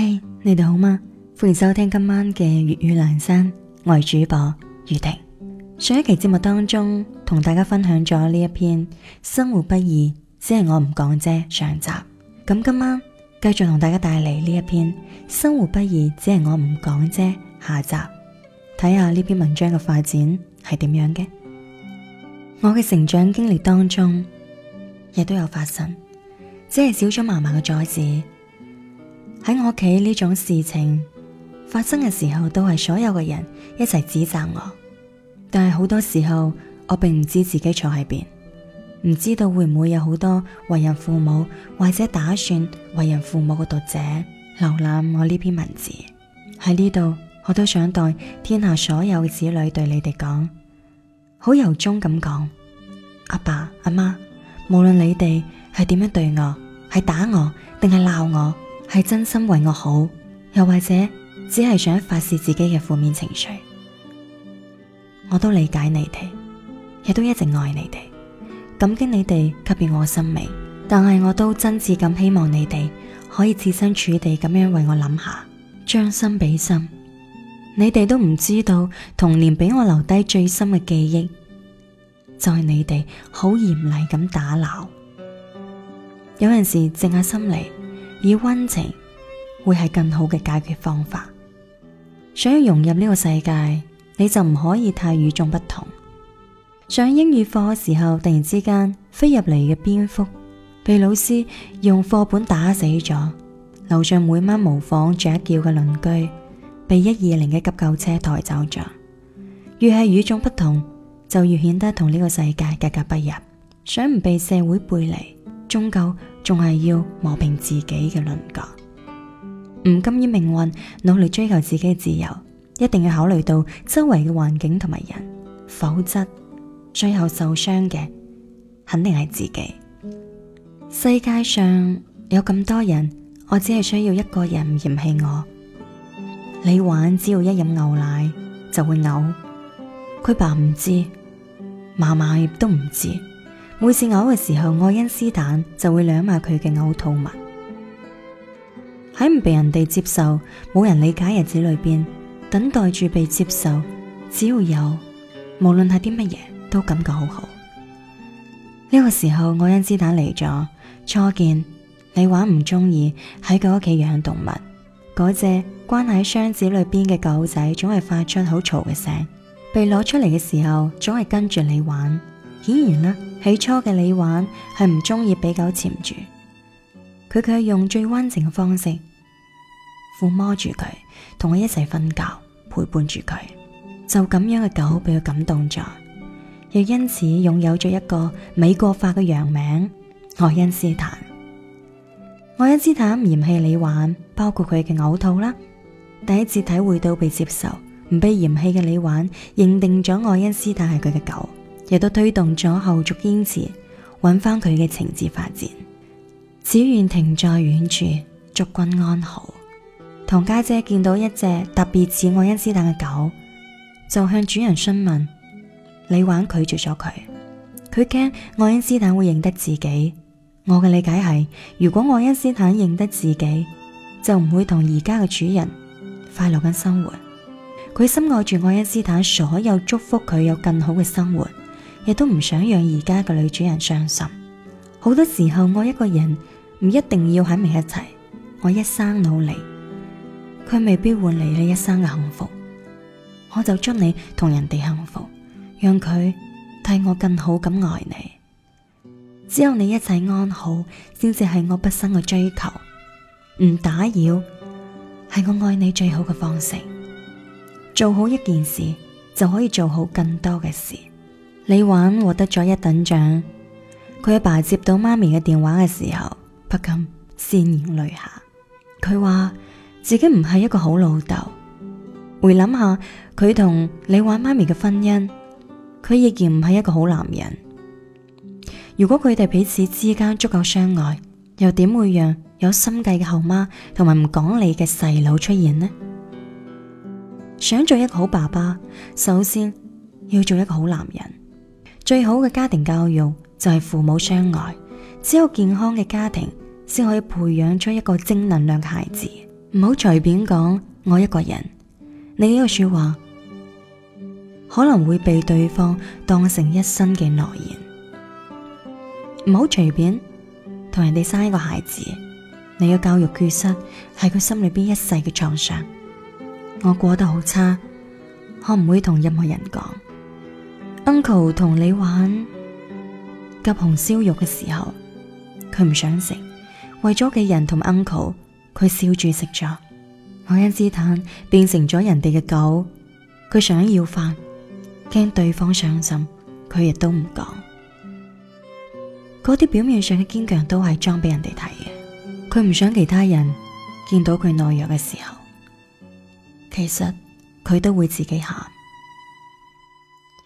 嘿，hey, 你哋好嗎？歡迎收聽今晚嘅粵語朗讀。我係主播雨婷。上一期節目當中，同大家分享咗呢一篇《生活不易，只係我唔講啫》上集。咁今晚繼續同大家帶嚟呢一篇《生活不易，只係我唔講啫》下集。睇下呢篇文章嘅發展係點樣嘅。我嘅成長經歷當中，亦都有發生，只係少咗麻麻嘅阻止。喺我屋企呢種事情發生嘅時候，都係所有嘅人一齊指責我。但係好多時候，我並唔知自己錯喺邊，唔知道會唔會有好多為人父母或者打算為人父母嘅讀者瀏覽我呢篇文字。喺呢度，我都想代天下所有嘅子女對你哋講，好由衷咁講，阿爸阿媽，無論你哋係點樣對我，係打我定係鬧我。係真心為我好，又或者只係想發洩自己嘅負面情緒，我都理解你哋，亦都一直愛你哋，感激你哋給予我嘅生命，但係我都真摯咁希望你哋可以設身處地咁樣為我諗下，將心比心，你哋都唔知道童年俾我留低最深嘅記憶，就係、是、你哋好嚴厲咁打鬧，有陣時靜下心嚟。以溫情會係更好嘅解決方法。想要融入呢個世界，你就唔可以太與眾不同。上英語課嘅時候，突然之間飛入嚟嘅蝙蝠被老師用課本打死咗。樓上每晚模仿雀叫嘅鄰居被一二零嘅急救車抬走咗。越係與眾不同，就越顯得同呢個世界格格不入。想唔被社會背離，終究仲係要磨平自己嘅稜角，唔甘於命運，努力追求自己嘅自由。一定要考慮到周圍嘅環境同埋人，否則最後受傷嘅肯定係自己。世界上有咁多人，我只係需要一個人唔嫌棄我。李玩只要一飲牛奶就會嘔，佢爸唔知，嫲嫲亦都唔知。每次嘔嘅時候，愛因斯坦就會舐埋佢嘅嘔吐物。喺唔被人哋接受、冇人理解日子裏邊，等待住被接受，只要有，無論係啲乜嘢，都感覺好好。呢、這個時候，愛因斯坦嚟咗，初見李玩唔中意喺佢屋企養動物，嗰隻關喺箱子裏邊嘅狗仔總係發出好嘈嘅聲，被攞出嚟嘅時候總係跟住李玩。顯然啦，起初嘅李玩係唔中意俾狗纏住，佢卻係用最溫情嘅方式撫摸住佢，同佢一齊瞓覺，陪伴住佢。就咁樣嘅狗俾佢感動咗，亦因此擁有咗一個美國化嘅洋名愛因斯坦。愛因斯坦唔嫌棄李玩，包括佢嘅嘔吐啦，第一次體會到被接受，唔被嫌棄嘅李玩認定咗愛因斯坦係佢嘅狗。亦都推動咗後續堅持揾翻佢嘅情節發展。只願停在遠處，祝君安好。堂家姐姐見到一隻特別似愛因斯坦嘅狗，就向主人詢問，李玩拒絕咗佢。佢驚愛因斯坦會認得自己。我嘅理解係，如果愛因斯坦認得自己，就唔會同而家嘅主人快樂咁生活。佢深愛住愛因斯坦，所以祝福佢有更好嘅生活。亦都唔想讓而家個女主人傷心。好多時候愛一個人唔一定要喺埋一齊，我一生努力，佢未必換嚟你一生嘅幸福。我就祝你同人哋幸福，讓佢替我更好咁愛你。只有你一切安好，先至係我畢生嘅追求。唔打擾，係我愛你最好嘅方式。做好一件事就可以做好更多嘅事。李玩獲得咗一等獎，佢阿爸接到媽咪嘅電話嘅時候，不禁潸然淚下。佢話自己唔係一個好老豆。回諗下佢同李玩媽咪嘅婚姻，佢亦然唔係一個好男人。如果佢哋彼此之間足夠相愛，又點會讓有心計嘅後媽同埋唔講理嘅細佬出現呢？想做一個好爸爸，首先要做一個好男人。最好嘅家庭教育就係父母相愛，只有健康嘅家庭先可以培養出一個正能量嘅孩子。唔好隨便講我一個人，你呢個說話可能會被對方當成一生嘅諾言。唔好隨便同人哋生一個孩子，你嘅教育缺失係佢心裏邊一世嘅創傷。我過得好差，我唔會同任何人講。Uncle 同你玩夾紅燒肉嘅時候，佢唔想食，為咗嘅人同 Uncle，佢笑住食咗。愛因斯坦變成咗人哋嘅狗，佢想要返，驚對方傷心，佢亦都唔講。嗰啲表面上嘅堅強都係裝俾人哋睇嘅，佢唔想其他人見到佢懦弱嘅時候，其實佢都會自己喊。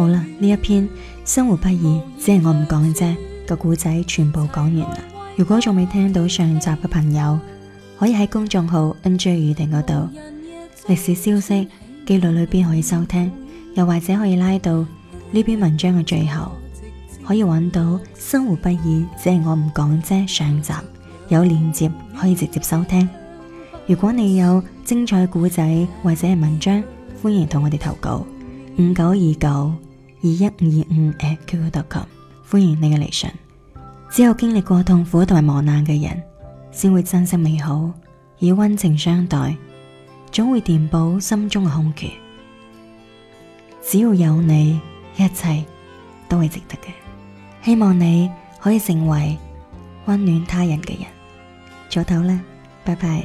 好啦，呢一篇生活不易，只係我唔講啫。個故仔全部講完啦。如果仲未聽到上集嘅朋友，可以喺公眾號 N J 預訂嗰度歷史消息記錄裏邊可以收聽，又或者可以拉到呢篇文章嘅最後，可以揾到生活不易，只係我唔講啫。上集有鏈接可以直接收聽。如果你有精彩嘅故仔或者係文章，歡迎同我哋投稿五九二九。二一二五 @qq.com 歡迎你嘅嚟信。只有經歷過痛苦同埋磨難嘅人，先會珍惜美好，以溫情相待，總會填補心中嘅空缺。只要有你，一切都係值得嘅。希望你可以成為溫暖他人嘅人。早唞啦，拜拜。